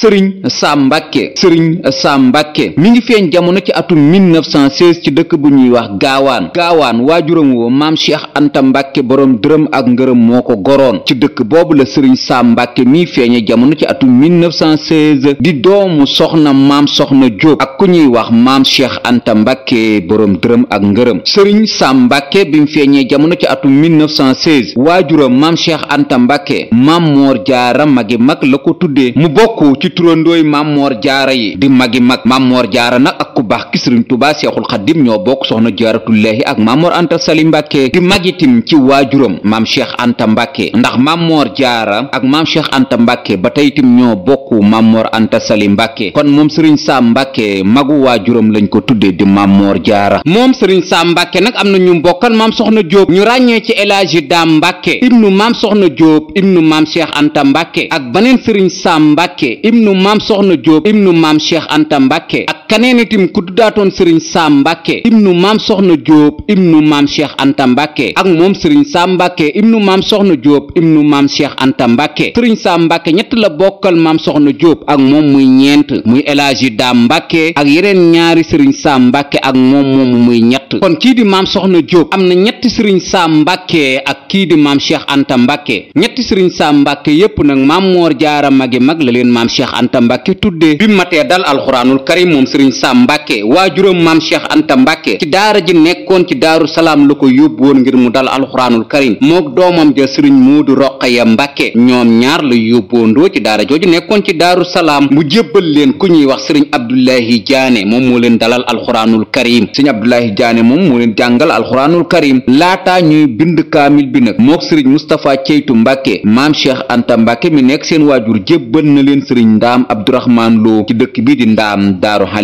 sëriñ sa mbàkke sëriñ sa mbàkke mi ngi feeñ jamono ci atum 1916 ci dëkk bu ñuy wax gaawaan gaawaan waajuram woo maam cheikh anta mbàkke ak ngërëm moo ko goroon ci dëkk boobu la sëriñ sa mbàkke miy feeñe jamono ci atum 1916 di doomu soxna maam soxna jóob ak ku ñuy wax maam cheikh anta mbàkke boroom dërëm ak ngërëm sëriñ sa bi mu feeñee jamono ci atum 1916 waajuram maam cheikh anta mbàkke maam moor jaara magi mag la ko tuddee mu bokk ci ci turandooy mammoor jaara yi di magi mag mammoor jaara nag ak ku baax ki sëriñ tubaa seexul xadim ñoo bokk soxna jaaratullaahi ak mammoor anta sali mbàkke di magitim ci waajuram maam cheikh anta mbàkke ndax mammoor jaara ak maam cheikh anta mbàkke ba tey itam ñoo bokk mammoor anta sali mbàkke kon moom sëriñ saam mbàkke magu waajuram lañu ko tudde di mammoor jaara moom sëriñ saam mbàkke nag am na ñu mbokkal maam soxna jóob ñu ràññee ci elaaji daam mbàkke ibnu maam soxna jóob ibnu maam cheikh anta mbàkke ak baneen sëriñ saam mbàkke ibnu soxna Diop ibnu maam Cheikh Anta Mbacke kaneen itim ku tuddaatoon sëriñ saam mbàkke ibnu maam soxna jóob ibnu maam cheikh ak moom sëriñ saam mbàkke ibnu maam soxna jóob ibnu maam cheikh anta mbàkke sëriñ saam mbàkke ñett la bokkal maam soxna jóob ak moom muy ñeent muy elaaji daam mbàkke ak yeneen ñaari sëriñ saam mbàkke ak moom moom muy ñett kon kii di maam soxna jóob am na ñetti sëriñ saam mbàkke ak kii di maam cheikh anta mbàkke ñetti sëriñ saam mbàkke yépp nag maam moor jaara magi mag la leen maam cheikh anta mbàkke tudde bi matee dal alxuraanul karim sëriñ Sam Mbàkke waajuram maam Cheikh Anta Mbàkke ci daara ji nekkoon ci daaru salaam la ko yóbbu woon ngir mu dal alxuraanul karim mook doomam ja sëriñ Moodu ya Mbàkke ñoom ñaar la yóbboondoo ci daara jooju nekkoon ci daaru salaam mu jébbal leen ku ñuy wax sëriñ Abdullahi Jaane moom moo leen dalal alxuraanul karim sëriñ Abdullahi Jaane moom moo leen jàngal alxuraanul karim laata ñuy bind kaamil bi nag mook sëriñ Mustapha Ceytu Mbàkke maam Cheikh Anta Mbàkke mi nekk seen waajur jébbal leen sëriñ Ndaam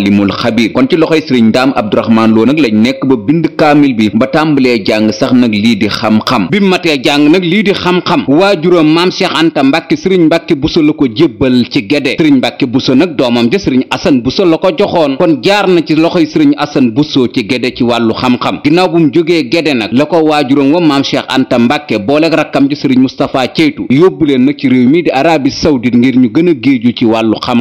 alimul xabir kon ci loxoy sëriñ ndaam abdourahmaan loo nag lañ nekk ba bind kaamil bi ba tàmbalee jàng sax nag lii di xam-xam bi matee jàng nag lii di xam-xam waajuram maam cheikh anta mbàkke sëriñ mbàkke buso la ko jébbal ci gede sëriñ mbàkke buso nag doomam ja sëriñ asan buso la ko joxoon kon jaar na ci loxoy sëriñ asan buso ci gede ci wàllu xam-xam ginnaaw bu mu jógee gede nag la ko waajuram wa maam cheikh anta mbàkke booleeg rakkam ji sëriñ mustapha ceytu yóbbu leen nag ci réew mi di arabi saoudite ngir ñu gën a géeju ci wàllu xam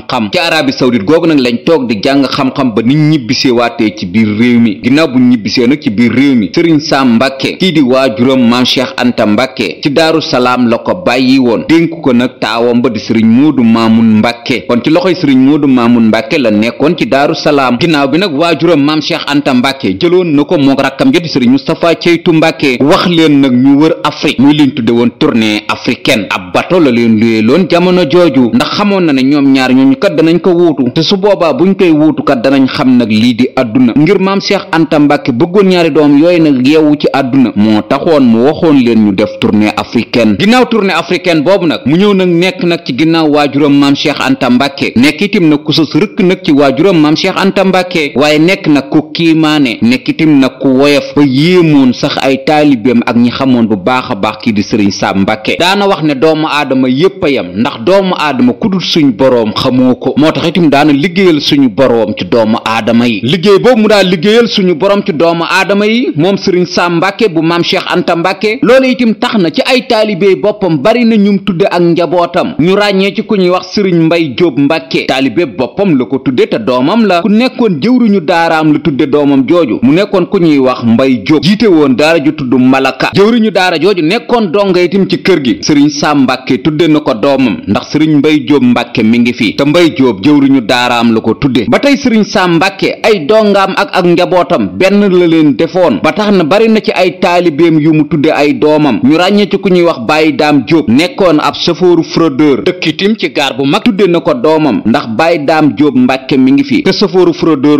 xam-xam ba ni ñibbisee waatee ci biir réew mi ginnaaw bu ñibbisee nag ci biir réew mi sëriñ Sam Mbàkke kii di waajuram maam Cheikh Anta Mbàkke daaru salaam la ko bàyyi woon dénk ko nag taawam ba di sëriñ Moodu Maamun Mbàkke kon ci loxo loxoy sëriñ Moodu Maamun Mbàkke la nekkoon ci daaru salaam ginnaaw bi nag waajuram maam Cheikh Anta Mbàkke jëloon na ko mook rakkam ja di sëriñ Moustapha Ceytu Mbàkke wax leen nag ñu wër Afrique muy liñ tudde woon tournée africaine ab bato leen luyee loon jamono jooju ndax xamoon na ne ñoom ñaar ñooñu kat danañ ko wuutu xamutukat danañ xam nag lii di àdduna ngir maam Cheikh Anta Mbàkke bëggoon ñaari doom yooyu nag yeewu ci àdduna moo taxoon mu waxoon leen ñu def tournée africaine ginnaaw tournée africaine boobu nag mu ñëw nag nekk nag ci ginnaaw waajuram maam Cheikh Anta Mbàkke nekk itim nag ku sës rëkk nag ci waajuram maam Cheikh Anta Mbàkke waaye nekk nag ku kiimaane nekk itim nag ku woyof ba yéemoon sax ay taalibeem ak ñi xamoon bu baax a baax kii di sëriñ Sam Mbàkke daana wax ne doomu aadama yépp a yam ndax doomu aadama ku suñu boroom xamoo ko moo tax itim daana liggéeyal suñu boroom boppam ci doomu aadama yi liggéey boobu mu daal liggéeyal suñu borom ci doomu aadama yi moom sëriñ Sam Mbàkke bu maam Cheikh Anta Mbàkke loolu itam tax na ci ay taalibeey boppam bari na ñum tudde ak njabootam ñu ràññee ci ku ñuy wax sëriñ Mbay Jóob Mbàkke taalibee boppam la ko tudde te doomam la ku nekkoon jëwriñu daaraam la tudde doomam jooju mu nekkoon ku ñuy wax Mbay Jóob jiite woon daara ju tudd Malaka jëwriñu daara jooju nekkoon donga itam ci kër gi sëriñ Sam Mbàkke na ko doomam ndax sëriñ Mbay Jóob Mbàkke mi ngi fi te Mbay Jóob jëwriñu daaraam la ko tudde kii sëriñ Sam Mbàkke ay dongaam ak ak njabootam benn la leen defoon ba tax na bari na ci ay taalibeem yu mu tudde ay doomam ñu ràññee ci ku ñuy wax bàyyi Daam Jóob nekkoon ab chauffeur fraudeur dëkkitim ci gaar bu mag tudde ko doomam ndax Baye Daam Jóob Mbàkke mi ngi fi te chauffeur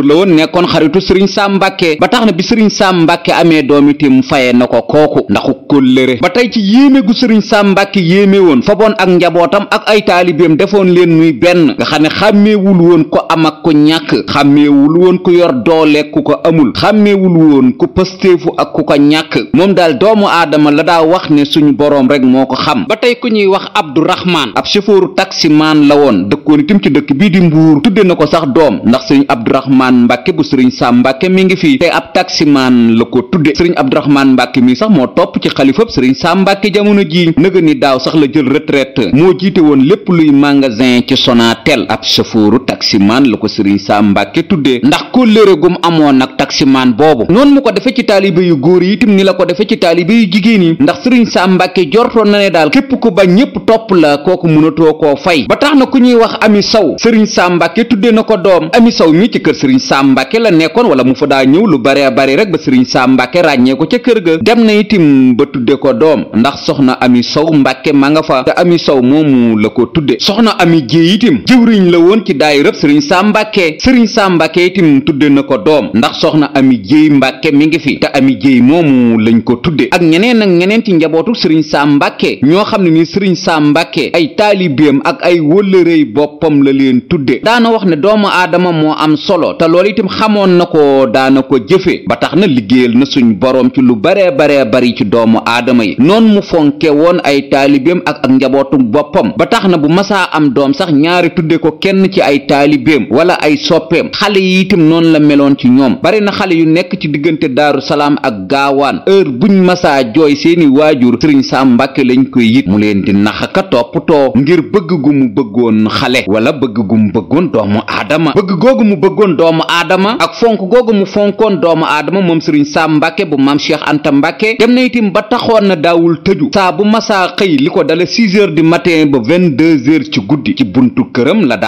la woon nekkoon xaritu sëriñ Sam Mbàkke ba tax na bi sëriñ Sam Mbàkke amee doom mu fayee na ko kooku ndaxu kóllëre ba tey ci yéeme gu sëriñ Sam Mbàkke yéeme woon faboon ak njabootam ak ay taalibeem defoon leen muy benn nga xam ne woon ko am ak ko ñàkk ñàkk xàmmeewul woon ku yor doole ku ko amul xàmmewul woon ku pësteefu ak ku ko ñàkk moom daal doomu aadama la daa wax ne suñu boroom rek moo ko xam ba tey ku ñuy wax abdourahmaan ab chauffeuru taximaan la woon dëkkoon itam ci dëkk bii di mbuur tudde na ko sax doom ndax sëriñ abdourahmaan mbàkke bu sëriñ sam mbàkke mi ngi fii te ab taximaan la ko tudde sëriñ abdourahmaan mbàkke mi sax moo topp ci xalifa sëriñ sam mbàkke jamono ji nëga ni daaw sax la jël retraite moo jiite woon lépp luy magasin ci sonatel ab chauffeuru taximaan la ko sëriñ Saam Mbàkke tuddee ndax kóllëre gum amoon nag taximaan boobu noonu mu ko defe ci taalibe yu góor yi itam ni la ko defe ci taalibe yu jigéen yi ndax sëriñ Saam Mbàkke jortoon na ne daal képp ko ba ñépp topp la kooku mënatoo koo fay ba tax na ku ñuy wax Ami Saw sëriñ Saam Mbàkke tuddee na ko doom Ami Saw mi ci kër sëriñ Saam Mbàkke la nekkoon wala mu fa daa ñëw lu bare bare rek ba sëriñ Saam Mbàkke ràññee ko ca kër ga dem na itim ba tudde ko doom ndax soxna Ami Saw Mbàkke ma nga fa Saw moomu la ko tudde sëriñ Sam Mbàkke itam tudde na ko doom ndax soxna Ami Jéey Mbàkke mi ngi fi te Ami Jéey moomu lañ ko tudde ak ñeneen ak ñeneen ci njabootu sëriñ Sam Mbàkke ñoo xam ne ni sëriñ Sam Mbàkke ay taalibeem ak ay wëllërey boppam la leen tudde daana wax ne doomu aadama moo am solo te loolu itam xamoon na ko daana ko jëfe ba tax na liggéeyal na suñ boroom ci lu baree baree bari ci doomu aadama yi noonu mu fonke woon ay taalibeem ak ak njabootu boppam ba tax na bu masaa am sax ñaari tudde ko kenn ci ay taalibeem soppeem xale yi itam noonu la meloon ci ñoom bari na xale yu nekk ci diggante daaru salaam ak gaawaan heure buñ masaa jooy seeni waajur sëriñ sam mbàkke lañ koy yit mu leen di nax ka toppatoo ngir bëgg gu mu bëggoon xale wala bëgg gu mu bëggoon doomu aadama bëgg googu mu bëggoon doomu aadama ak fonk googu mu fonkoon doomu aadama moom sëriñ saam mbàkke bu maam cheikh anta mbàkke dem na itam ba taxoon na daawul tëju saa bu masaa xëy li ko dala six heures du ba vingt-deux heures ci guddi ci buntu këram la di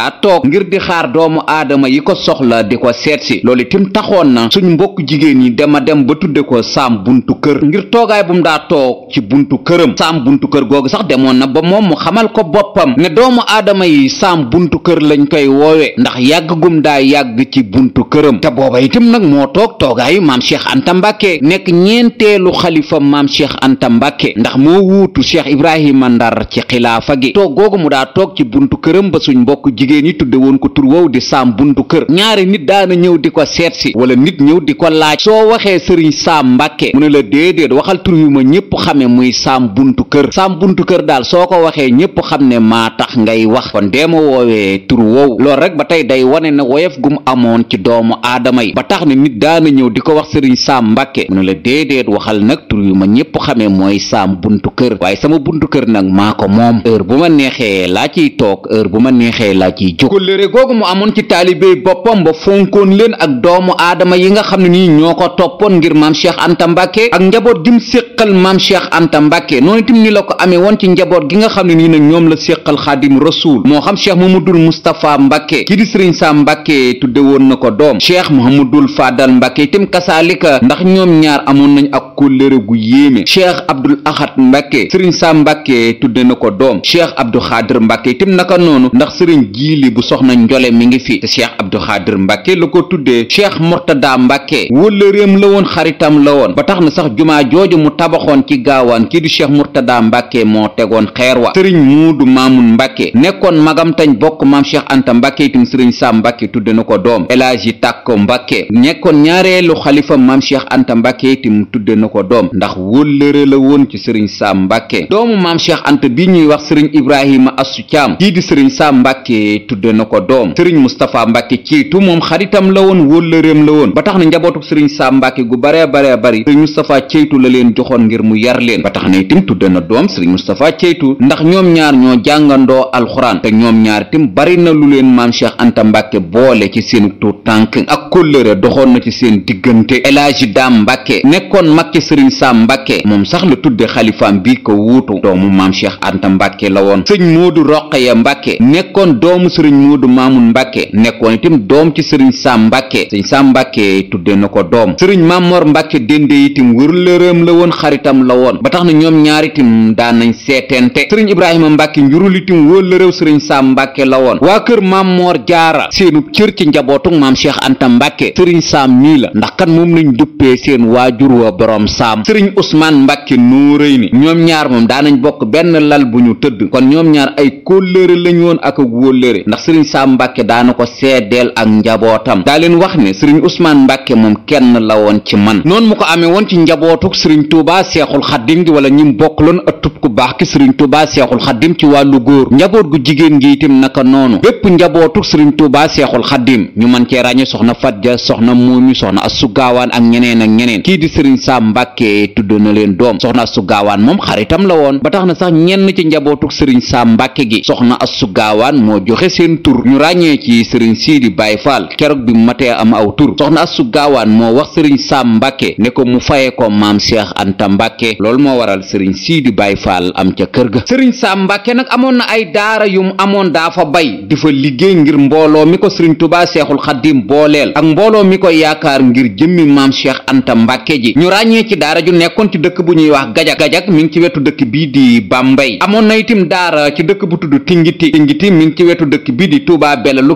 yi ko soxla di ko seet si loolu itam taxoon na suñ mbokk jigéen yi dama dem ba tuddee ko saam buntu kër ngir toogaay bu mu daa toog ci buntu këram saam buntu kër googu sax demoon na ba moom mu xamal ko boppam ne doomu aadama yi saam buntu kër lañ koy woowe ndax yàgg gum yàgg ci buntu këram te booba itam nag moo toog toogaayu maam cheikh anta mbàkke nekk ñeenteelu xalifa maam cheikh anta mbàkke ndax moo wuutu cheikh ibrahima ndar ci xilaafa gi toog googu mu daa toog ci buntu këram ba suñ mbokk jigéen yi tudde woon ko tur woow di saam buntu kër ñaari nit daana ñëw di ko seet si wala nit ñëw di ko laaj soo waxee sëriñ saam mbàkke mu ne la déedéet waxal tur yu ma ñëpp xame muy saam buntu kër saam buntu kër daal soo ko waxee ñëpp xam ne maa tax ngay wax kon dee ma woowee tur woowu loolu rek ba tey day wane ne woyof gum amoon ci doomu aadama yi ba tax ne nit daana ñëw di ko wax sëriñ saam mbàkke mu la déedéet waxal nag tur yu ma ñëpp xamee mooy saam buntu kër waaye sama buntu kër nag maa ko moom heure bu ma neexee laa ciy toog heure bu ma neexee laa ciy jóg kóllëre googu mu amoon ci taalibe liggéey boppam ba fonkoon leen ak doomu aadama yi nga xam ne nii ñoo ko toppoon ngir maam cheikh anta mbàkke ak njaboot gi mu séqal maam cheikh anta mbàkke noonu itam ni la ko amee woon ci njaboot gi nga xam ne nii nag ñoom la séqal xaadim rasul moo xam cheikh mamadul mustapha mbàkke kii di sëriñ saa mbàkke tudde woon na ko doom cheikh mohamadul fadal mbàkke itam kasalika ndax ñoom ñaar amoon nañ ak kóllëre gu yéeme cheikh abdul ahad mbàkke sëriñ saa mbàkke tudde na ko doom cheikh abdou xaadir mbàkke itam naka noonu ndax sëriñ jiili bu soxna njole mi ngi fi te Abdou Xaadir Mbàkke la ko tuddee Cheikh Mourtada Mbàkke wëllëreem la woon xaritam la woon ba tax na sax jumaa jooju mu tabaxoon ci gaawaan kii di Cheikh Mourtada Mbàkke moo tegoon xeer wa sëriñ Muudu Maamun Mbàkke nekkoon magam tañ bokk maam Cheikh Anta Mbàkke itam sëriñ Sam Mbàkke tudde na ko doom El Hadji Tàkko nekkoon ñaareelu xalifa maam Cheikh Anta Mbàkke itam tudde na ko doom ndax wëllëre la woon ci sëriñ saam Mbàkke doomu maam Cheikh Anta bi ñuy wax sëriñ Ibrahima Assu Caam kii di sëriñ Sam Mbàkke tudde na ko doom sëriñ Mustapha mbàkke ceytu moom xaritam la woon wóllëreem la woon ba tax na njabootu sëriñ saam mbàkke gu bare bare bari sëriñ mustapha ceytu la leen joxoon ngir mu yar leen ba tax na itam tudd na doom sëriñ mustapha ceytu ndax ñoom ñaar ñoo jàngandoo alxuraan te ñoom ñaar itam bari na lu leen maam cheikh anta mbàkke boole ci seen tu tànk ak kóllëre doxoon na ci seen diggante elaaji daam mbàkke nekkoon mag ci sëriñ saam mbàkke moom sax la tudde xalifaam bi ko wuutu doomu maam cheikh anta mbàkke la woon sëriñ moodu roqaya mbàkke itam doom ci sëriñ Sam Mbàkke sëriñ Sam Mbàkke tudde na ko doom sëriñ Mamor Mbàkke Dende itam wërlëreem la woon xaritam la woon ba tax na ñoom ñaar itam daan nañ seetente sëriñ Ibrahima Mbàkke njurul itam wërlëreew sëriñ Sam Mbàkke la woon waa kër Mamor Jaara seenub cër ci njabootuk maam Cheikh Anta Mbàkke sëriñ Sam mii la ndax kan moom lañ duppee seen waajur wa borom Sam sëriñ Ousmane Mbàkke Nooréyni ñoom ñaar moom nañ bokk benn lal bu ñu tëdd kon ñoom ñaar ay kóllëre lañ woon ak ak wóllëre ndax seddeel ak njabootam daa leen wax ne sëriñ Ousmane Mbàkke moom kenn la woon ci man noonu mu ko amee woon ci njabootuk sëriñ Tuubaa Seexul Xaddim gi wala ñim bokkaloon ëttub ku baax ki sëriñ Tuubaa Seexul Xaddim ci wàllu góor njaboot gu jigéen ngi itam naka noonu bépp njabootuk sëriñ Tuubaa Seexul Xaddim ñu man cee ràññe soxna Fadja soxna Moomi soxna Assu Gaawaan ak ñeneen ak ñeneen kii di sëriñ Sam Mbàkke tudd na leen doom soxna Assu Gaawaan moom xaritam la woon ba tax na sax ñenn ci njabootuk sëriñ Sam Mbàkke gi soxna Assu Gaawaan moo joxe seen tur ñu ràññee lii di Baye Fall keroog bi mu matee am aw tur soxna Astou Gawane moo wax sëriñ Sam Mbàkke ne ko mu fayee ko maam Cheikh Anta Mbàkke loolu moo waral sëriñ sii di Baye Fall am ca kër ga sëriñ Sam Mbàkke nag amoon na ay daara yum amoon daa fa bay di fa liggéey ngir mbooloo mi ko sëriñ Tubaa Seexul Xaddim booleel ak mbooloo mi ko yaakaar ngir jëmmi maam Cheikh Anta Mbàkke ji ñu ràññee ci daara ju nekkoon ci dëkk bu ñuy wax gajak gajak mi ngi ci wetu dëkk bii di Bambey mbay na dëkk bu tudd Tingiti Tingiti ci wetu dëkk bii di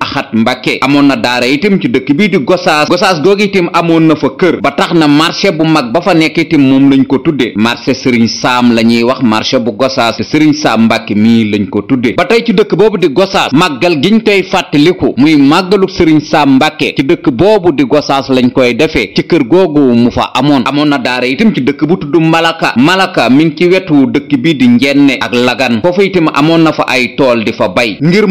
axat mbàkke amoon na daara itam ci dëkk bii di gosaas gosaas googu itam amoon na fa kër ba tax na marché bu mag ba fa nekk itam moom lañ ko tudde marché sëriñ saam la ñuy wax marché bu gosaas te sëriñ saam mbàkke mii lañ ko tudde ba tey ci dëkk boobu di gosaas màggal giñ koy fàttaliku muy màggalu sëriñ saam mbàkke ci dëkk boobu di gosaas lañ koy defee ci kër googu mu fa amoon amoon na daara itam ci dëkk bu tudd malaka malaka mi ngi ci wetu dëkk bii di njenne ak lagan foofu itam amoon na fa ay tool di fa bay ngir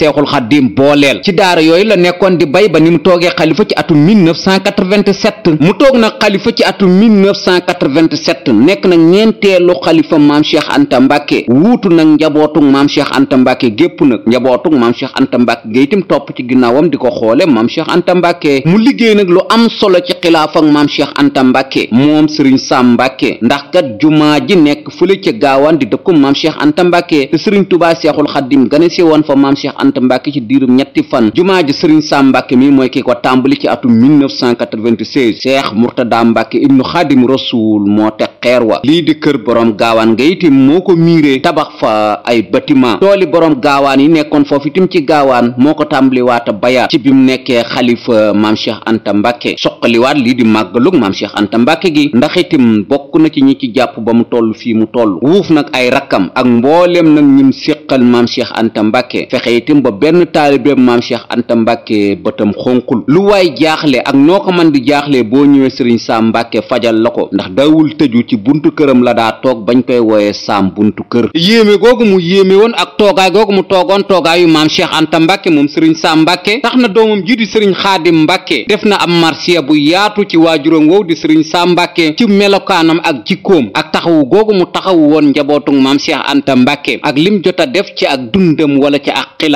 seexul xaddiim booleel ci daara yooyu la nekkoon di bay ba ni mu toogee xalifa ci atu atum 1987 mu toog nag xalifa ci atum 1987 nekk nag ñeenteelu xalifa maam cheikh anta mbàkke wuutu nag njabootug maam cheikh anta mbàkke gépp nag njabootug maam cheikh anta mbàkke géyitam topp ci ginnaawam di ko xoole maam cheikh anta mbàkke mu liggéey nag lu am solo ci xilaaf ak maam cheikh anta mbàkke moom sëriñ sam mbàkke ndax kat jumaa ji nekk fële ca gaawaan di dëkkum maam cheikh anta mbàkke te sëriñ tubaa seexul xaddiim gane si woon fa Anta Mbàkke ci diirum ñetti fan jumaa ji sëriñ Sam Mbàkke mi mooy ki ko tàmbali ci atum 1996 Cheikh Mourtada Mbàkke ibnu Xaadim Rasuul moo teg xeer wa lii di kër boroom gaawaan nga itam moo ko miiree tabax fa ay bâtiment tooli boroom gaawaan yi nekkoon foofu itam ci gaawaan moo ko tàmbaliwaata bayaat ci bi mu nekkee xalifa maam Cheikh Anta Mbàkke soqaliwaat lii di màggalug maam Cheikh Anta Mbàkke gi ndax itam bokk na ci ñi ci jàpp ba mu toll fii mu toll wuuf nag ay rakkam ak mbooleem nag ñim séqal maam Anta Mbàkke fexe yëkkatiam ba benn taalibeem maam Cheikh Anta Mbàkke bëtam xonqul lu waay jaaxle ak noo ko man di jaaxle boo ñëwee sëriñ Saam Mbàkke fajal la ko ndax daawul tëju ci buntu këram la daa toog bañ koy wooyee Saam buntu kër yéeme googu mu yéeme woon ak toogaay googu mu toogoon toogaayu maam Cheikh Anta Mbàkke moom sëriñ Saam Mbàkke tax na doomam ji di sëriñ Xaadim Mbàkke def na am marsiya bu yaatu ci waajuram wow di sëriñ Saam Mbàkke ci melokaanam ak jikkoom ak taxawu googu mu taxawu woon njabootug maam Anta Mbàkke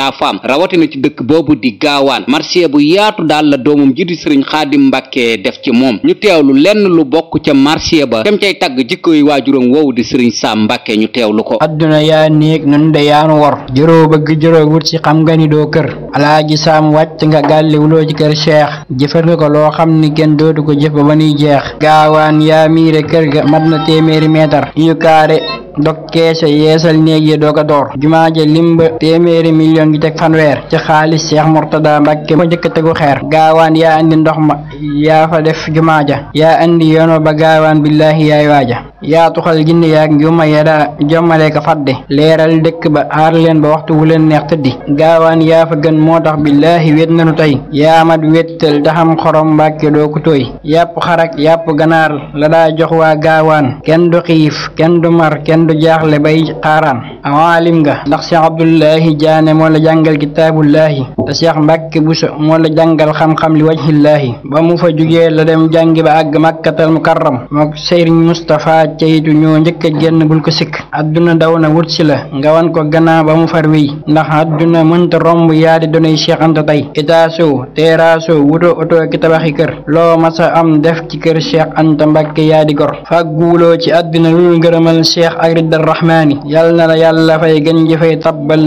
la femme rawatina ci dëkk boobu di gaawaan marché bu yaatu daal la doomum ji di sëriñ xaadim mbàkke def ci moom ñu teewlu lenn lu bokk ca marché ba dem cay tàgg jikko yi waajuram woowu di sëriñ saam mbàkke ñu lu ko adduna yaa néeg nun de yaanu wor jëroo bëgg jëroo wut ci xam nga ni doo kër alaaji saam wàcc nga gàlli wuloo ci kër cheikh jëfal nga ko loo xam ni kenn dootu ko jëf ba ba nuy jeex gaawaan yaa miire kër ga mat na téeméeri meetar yu yi doo ko door jumaa ngi teg fanweer ci xaalis Cheikh Mourtada Mbacke moo njëkk tegu xeer gaawaan ya andi ndox ma yaa fa def jumaa ja yaa andi yono ba gaawaan billaahi yaay waaja yaa tuxal ginne yaag ya yada jommale ka fadde leeral dëkk ba aar leen ba waxtu wu leen neex tëddi gaawaan yaa fa gën moo tax billaahi wét nanu tey yaa mat wéttal taxam xorom Mbacke doo ko tooy yàpp xarak yàpp ganaar la daa jox waa gaawaan kenn du xiif kenn du mar kenn du jaaxle bay xaaraan awaalim nga ndax Cheikh jàngal kitaabullaahi te Cheikh Mbàkke Buso moo la jàngal xam-xam li wajhillaahi ba mu fa jugee la dem jàngi ba àgg màkkatal mukarram mook Sëriñ Mustapha cayitu ñoo njëkk a génn bul ko sikk adduna daw na wut si la nga wan ko gannaaw ba mu far wii ndax adduna mënta romb yaa di donay Anta tey itaaso teeraaso wuto oto ki kër loo masa am def ci kër Cheikh Anta Mbàkke yaa di gor fàgguwuloo ci adduna lu ngërëmal Cheikh ak riddal rahmaani yàlla na la yàlla fay gën ji fay tabbal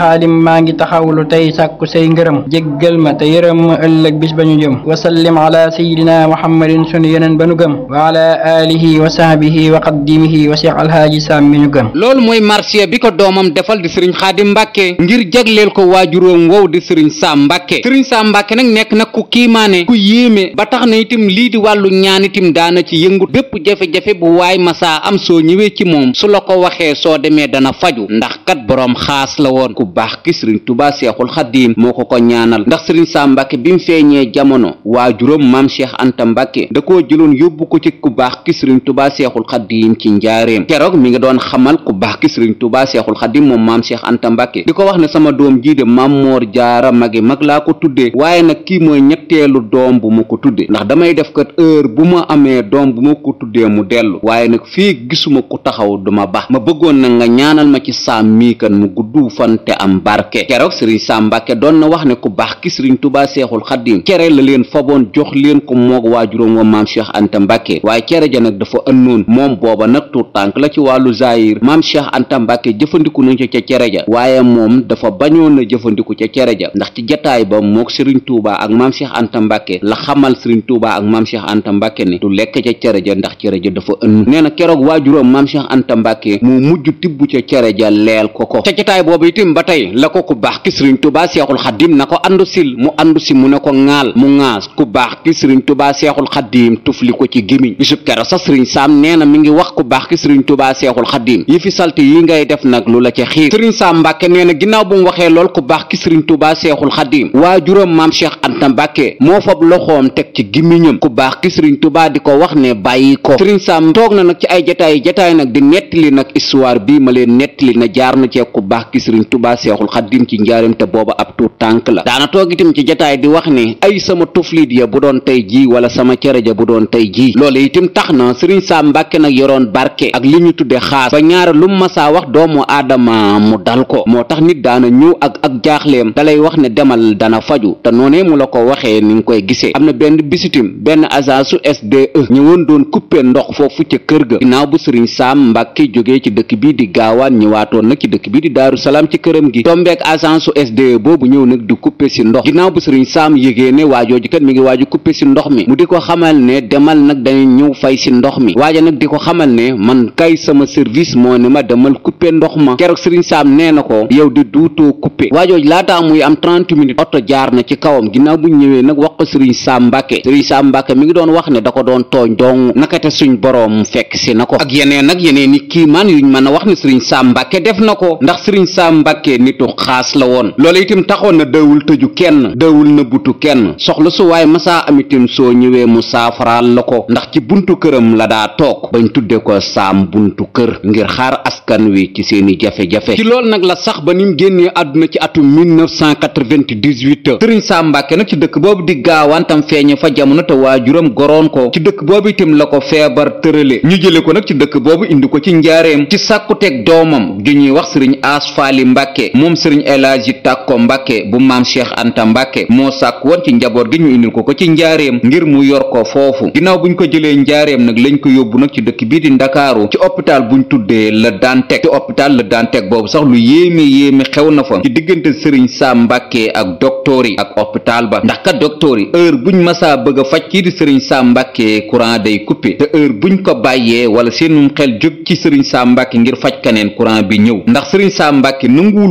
xaadim maa ngi taxawlu tey sàkku say ngërëm jéggal ma te yërëm ma ëllëg bis ba ñu jëm wasallim ala sayidina muhammadin sunu yeneen ba nu gëm wa ala alihi wa sahbihi wa qaddimihi wa cheikh alhaaji sam mi ñu gëm loolu mooy marsiya bi ko doomam defal di sëriñ xaadim mbàkke ngir jagleel ko waajuróom wow di sëriñ saam mbàkke sëriñ sa mbàkke nag nekk nag ku kiimaane ku yéeme ba tax na itam lii di wàllu ñaan itam daana ci yëngu bépp jafe-jafe bu waay masaa am soo ñëwee ci moom su la ko waxee soo demee dana faju ndax kat boroom xaas la woon baax ki sëriñ tubaa seexul xaddiim moo ko ko ñaanal ndax sëriñ saa mbàkke bi mu feeñee jamono waajuram maam cheikh anta mbàkke da koo jëloon yóbbu ko ci ku baax ki sëriñ tubaa seexul xaddiim ci njaareem keroog mi ngi doon xamal ku baax ki sëriñ tubaa seexul xaddiim moom maam cheikh anta mbàkke di ko wax ne sama doom jii de maam moor jaara magi mag laa ko tuddee waaye nag kii mooy ñetteelu doom bu ma ko tuddee ndax damay def ko heure bu ma amee doom bu ma ko tuddee mu dellu waaye nag fii gisuma ku taxaw duma ba ma bëggoon na am barke keroog sëriñ sàmbake doon na wax ne ko baax ki sëriñ tubaa seexul xaddim cere la leen faboon jox leen ko moog waajuróom wa maam cheikh anta waaye cere ja nag dafa ënnoon moom booba nag tuut tànk la ci wàllu zaayir maam cheikh anta mbàkke jëfandiku nañu cere ja waaye moom dafa bañoon na jëfandiku ca cere ja ndax ci jataay ba moog sëriñ tuubaa ak maam cheikh anta xamal sëriñ tuubaa ak maam cheikh anta mbàkke lekk ca cere ja ndax cere ja dafa ënn nee na keroog waajuróom maam cheikh anta mu mujj tibb ca cere ja leel ko ko ca jataay boobu itim ba tey la ko ku baax ki sëriñ tubaa seexul xaddiim na ko àndu sil mu àndu si mu ne ko ŋaal mu ŋaas ku baax ki sëriñ tubaa seexul xaddiim tufli ko ci gémmiñ bisub kero sa sëriñ saam nee na mi ngi wax ku baax ki sëriñ tubaa seexul xaddiim yi fi salte yi ngay def nag lu la ca xiir sëriñ saam mbàkke nee ginnaaw bu waxee lool ku baax ki sëriñ tubaa seexul xaddiim waajuram maam cheikh anta mbàkke moo fab loxoom teg ci gémmiñam ku baax ki sëriñ tubaa di ko wax ne bàyyi ko sëriñ saam na nag ay jataay jataay nag di nettali nag histoire bi ma leen nettali na jaar na ci tubaa tubaa seexul xaddim ci njaarim te booba ab tuut tànk la daana toog ci jataay di wax ni ay sama tuflit ya bu doon tey ji wala sama cere ja bu doon tey ji loolu itam tax na sëriñ saa mbàkke nag yoroon barke ak li ñu tudde xaas ba ñaara lu masaa wax doomu aadama mu dal ko moo tax nit daana ñëw ak ak jaaxleem dalay wax ne demal dana faju te noonee mu la ko waxee ni nga koy gisee am na benn bisitim benn agent su SDE ñëwoon doon kuppee ndox foofu ca kër ga ginnaaw bu sëriñ saam mbàkke jógee ci dëkk bi di gaawaan ñëwaatoon këram gi tombeek agence su SDE boobu ñëw nag di couper si ko xamal ne demal nag dañu ñëw fay si mi waaja nag di ko xamal ne man kay sama service moo ne ma demal couper ndox ma keroog sëriñ saam nee na ko yow di duutoo couper waajooj laataa muy am 30 minutes oto jaar na ci kawam ginnaaw bu ñëwee nag wax ko sëriñ saam mbàkke sëriñ saam mbàkke mi ngi doon wax ne da ko doon tooñ dong nakate suñ boroom fekk si na ko ak yeneen nag yeneen ni kiimaan yuñ mën a wax ne sëriñ saam mbàkke def na ko ndax sëriñ saam mbàkke mbàkkee nitu xaas la woon loolu itam taxoon na dëwul tëju kenn dëwul na butu kenn soxla su waaye masaa amitim soo ñëwee mu saafaraal la ko ndax ci buntu këram la daa toog bañ tuddee ko saam buntu kër ngir xaar askan wi ci seeni jafe-jafe ci loolu nag la sax ba nim génnee àdduna ci atum 1998 sëriñ saam mbàkke nag ci dëkk boobu di gaawantam feeñe fa jamono te waajuram goroon ko ci dëkk boobu itam la ko feebar tërale ñu jële ko nag ci dëkk boobu indi ko ci njaareem ci sàkkuteeg doomam mbàkke moom sëriñ elaaji tàkko mbàkke bu maam cheikh anta mbàkke moo sàkk woon ci njaboot gi ñu indil ko ko ci njaareem ngir mu yor ko foofu ginnaaw bu buñ ko jëlee njaareem nag lañ ko yóbbu nag ci dëkk bii di ndakaaru ci bu buñ tuddee la Dantec ci hôpital la Dantec boobu sax lu yéeme yéeme xew na fa ci diggante sëriñ Sam Mbàkke ak docteur yi ak hôpital ba ndax ka docteur yi heure buñ masaa bëgg faj kii di sëriñ Sam Mbàkke courant day coupé buñ ko bàyyee wala seenum xel jóg ci sëriñ Sam ngir faj kaneen courant bi ñëw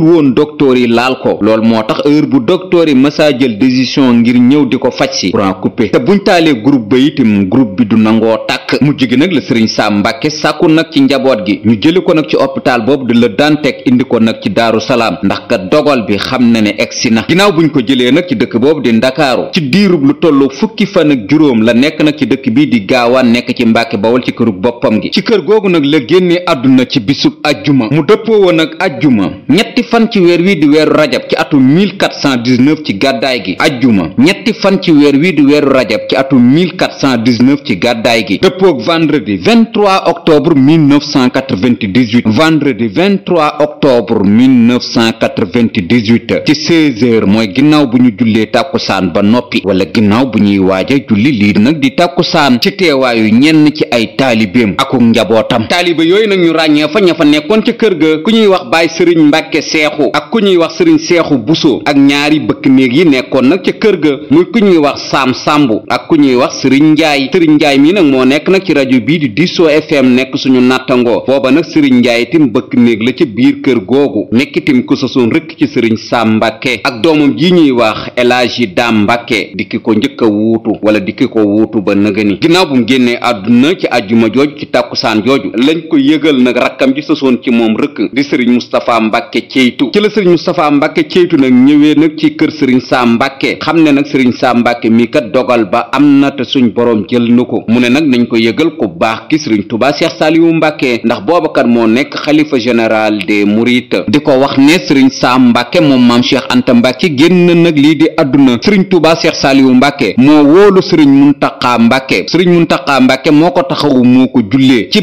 bëggul woon docteur yi laal ko loolu moo tax heure bu docteur yi mësaa jël décision ngir ñëw di ko faj si courant coupé te buñ taalee groupe ba itam group bi du nangoo tàkk mujj gi nag la sëriñ Sam Mbàkke sàkku nag ci njaboot gi ñu jëli ko nag ci hôpital boobu di la Dantec indi ko nag ci Daaru Salaam ndax ka dogal bi xam na ne egsi na ginnaaw buñ ko jëlee nag ci dëkk boobu di Ndakaaru ci diirub lu tollu fukki fan ak juróom la nekk nag ci dëkk bii di gaawaan nekk ci Mbàkke Bawol ci kërug boppam gi ci kër googu nag la génnee àdduna ci bisub ajjuma mu dëppoo woon ak ajjuma ñetti fan ci weer wi di weeru rajab ci atum 1419 ci gàddaay gi ajjuma ñetti fan ci weer wi di weeru rajab ci atum 1419 ci gàddaay gi dëppook vendredi 23 octobre 1998 vendredi 23 octobre 1998 ci 16h mooy ginnaaw bu ñu jullee tàkkusaan ba noppi wala ginnaaw bu ñuy waaja julli lii nag di tàkkusaan ci teewaayu ñenn ci ay taalibeem akuk njabootam taalibe yooyu nag ñu ràññee fa ña fa nekkoon ca kër ga ku ñuy wax baay sëriñ mbàkke seexu ak ku ñuy wax sëriñ seexu buso ak ñaari bëkk néeg yi nekkoon nag ca kër ga mu ku ñuy wax saam sàmbu ak ku ñuy wax sëriñ njaay sëriñ njaay mii nag moo nekk nag ci rajo bii di diso fm nekk suñu nattangoo booba nag sëriñ njaay itam bëkk néeg la ca biir kër googu nekk itam ku sasoon rëkk ci sëriñ saam mbàkke ak doomam ji ñuy wax elaaji daam mbàkke dikki ko njëkk a wuutu wala dikk ko wuutu ba nëgëni ginnaaw bu mu génnee àdduna ci àjjuma jooju ci tàkkusaan ceytu ci la sëriñ Moustapha Mbacke ceytu nag ñëwee nag ci kër sëriñ Saa Mbacke xam ne nag sëriñ Saa Mbacke mii kat dogal ba am na te suñ boroom jël na ko mu ne nag nañ ko yëgal ku baax ki sëriñ Touba Cheikh Saliou Mbacke ndax booba kat moo nekk xalifa général des Mourides di ko wax ne sëriñ Saa Mbacke moom maam Cheikh Anta Mbacke génn nag lii di àdduna sëriñ Touba Cheikh Saliou Mbacke moo wóolu sëriñ Mountakha Mbacke sëriñ Mountakha Mbacke moo ko taxawu moo ko jullee ci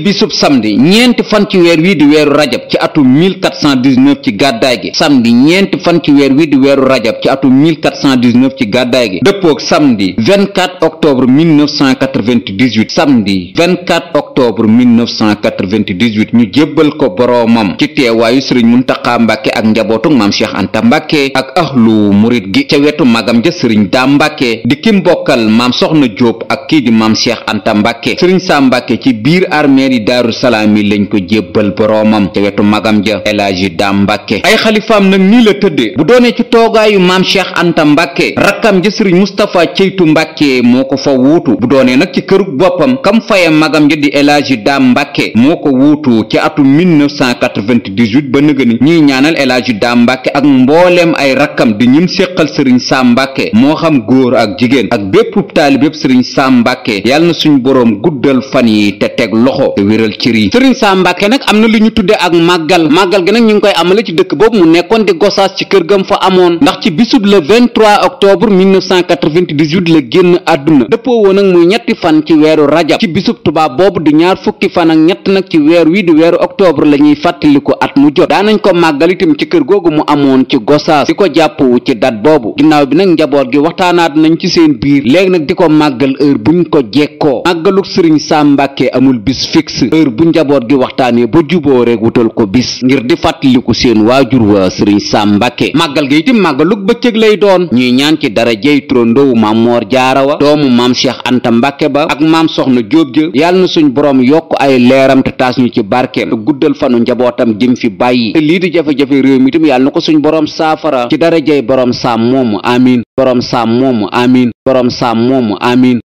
gàddaay gi samedi ñeenti fan ci weer wi di weeru rajab ci atum 1419 ci gàddaay gi dëppook samedi 24 octobre 1998 samedi 24 octobre 1998 ñu jébbal ko boroomam ci teewaayu sëriñ Muntaxa Mbàkke ak njabootu maam Cheikh Anta Mbàkke ak ahlu murit gi ca wetu magam ja sëriñ Daa Mbàkke di ki mbokkal maam Soxna Jóob ak kii di maam Cheikh Anta Mbàkke sëriñ Saa Mbàkke ci biir armeer yi Daaru Salaam lañ ko jébbal boroomam ca wetu magam ja Elaaji Daa Mbàkke Mbàkke ay xalifaam nag nii la tëddee bu doonee ci toogaayu maam Cheikh Anta Mbàkke rakkam ja sëriñ Mustapha Ceytu Mbàkke moo ko fa wuutu bu doonee nag ci kërug boppam kam faye magam ja di El Hadji Daam Mbàkke moo ko wuutu ci atum 1998 ba nëga ni ñiy ñaanal El Hadji Mbàkke ak mbooleem ay rakkam di ñim séqal sëriñ Saam Mbàkke moo xam góor ak jigéen ak bépp taalib bépp sëriñ Saam Mbàkke yàlla na suñ boroom guddal fan yi te teg loxo te wéral cër yi sëriñ Saam Mbàkke nag am ñu tudde ak màggal màggal gi nag ñu dëkk boobu mu nekkoon di gosaas ci kër gam fa amoon ndax ci bisub le 23 octobre 1998 la génn àdduna dëppoo woon ak muy ñetti fan ci weeru rajab ci bisub tubaab boobu di ñaar fukki fan ak ñett nag ci weer wi di weeru octobre la ñuy fàttaliku at mu jot daanañ ko màggal itam ci kër googu mu amoon ci gosaas di ko jàppwu ci dat boobu ginnaaw bi nag njaboot gi waxtaanaat nañ ci seen biir léegi nag di ko màggal heure buñ ko jekkoo màggaluk sëriñ Sam Mbàkke amul bis fixe heure bu njaboot gi waxtaanee ba juboo rek wutal ko bis ngir waajur wa sëriñ Sam Mbàkke màggal ga itam màggalug bëccëg lay doon ñuy ñaan ci dara jey trondowu maam moor jaara wa doomu maam cheikh anta mbàkke ba ak maam soxna jóob ja yàlla na suñ boroom yokk ay leeram te taas ñu ci barkeem te guddal fanu njabootam gim fi bàyyi te lii di jafe-jafe réew mi itam yal na ko suñ boroom saafara ci dara jey boroom saam moomu amiin boroom saam moomu amiin boroom saam moomu amiin